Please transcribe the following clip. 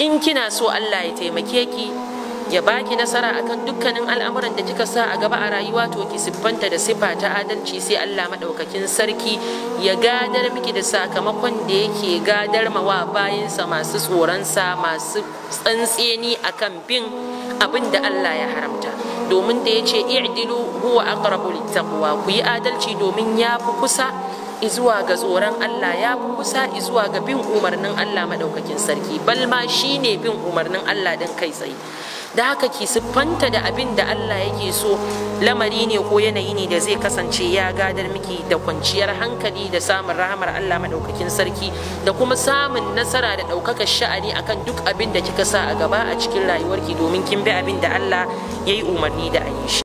in kina so Allah ya taimake ki ya baki nasara akan dukkanin al'amuran da kika sa a gaba a rayuwa to ki siffanta da siffa ta adalci sai Allah madaukakin sarki ya gadar miki da sakamakon da yake gadar mawa sa masu sa masu tsantseni akan bin abin da Allah ya haramta domin da yace ce i'dilu huwa aqrabu littaqwa ku yi adalci domin ya fi kusa izuwa ga tsoron Allah ya kusa izuwa ga bin umarnin Allah Madaukakin sarki Balma shine shi ne bin umarnin Allah don kai tsaye da haka ki siffanta da abin da Allah yake so lamari ne ko yanayi ne da zai kasance ya gadar miki da kwanciyar hankali da samun rahamar Allah Madaukakin sarki da kuma samun nasara da ɗaukakar sha'ani akan duk abin da kika sa a gaba a cikin rayuwarki domin kin bi abin da Allah yayi umarni da a yi shi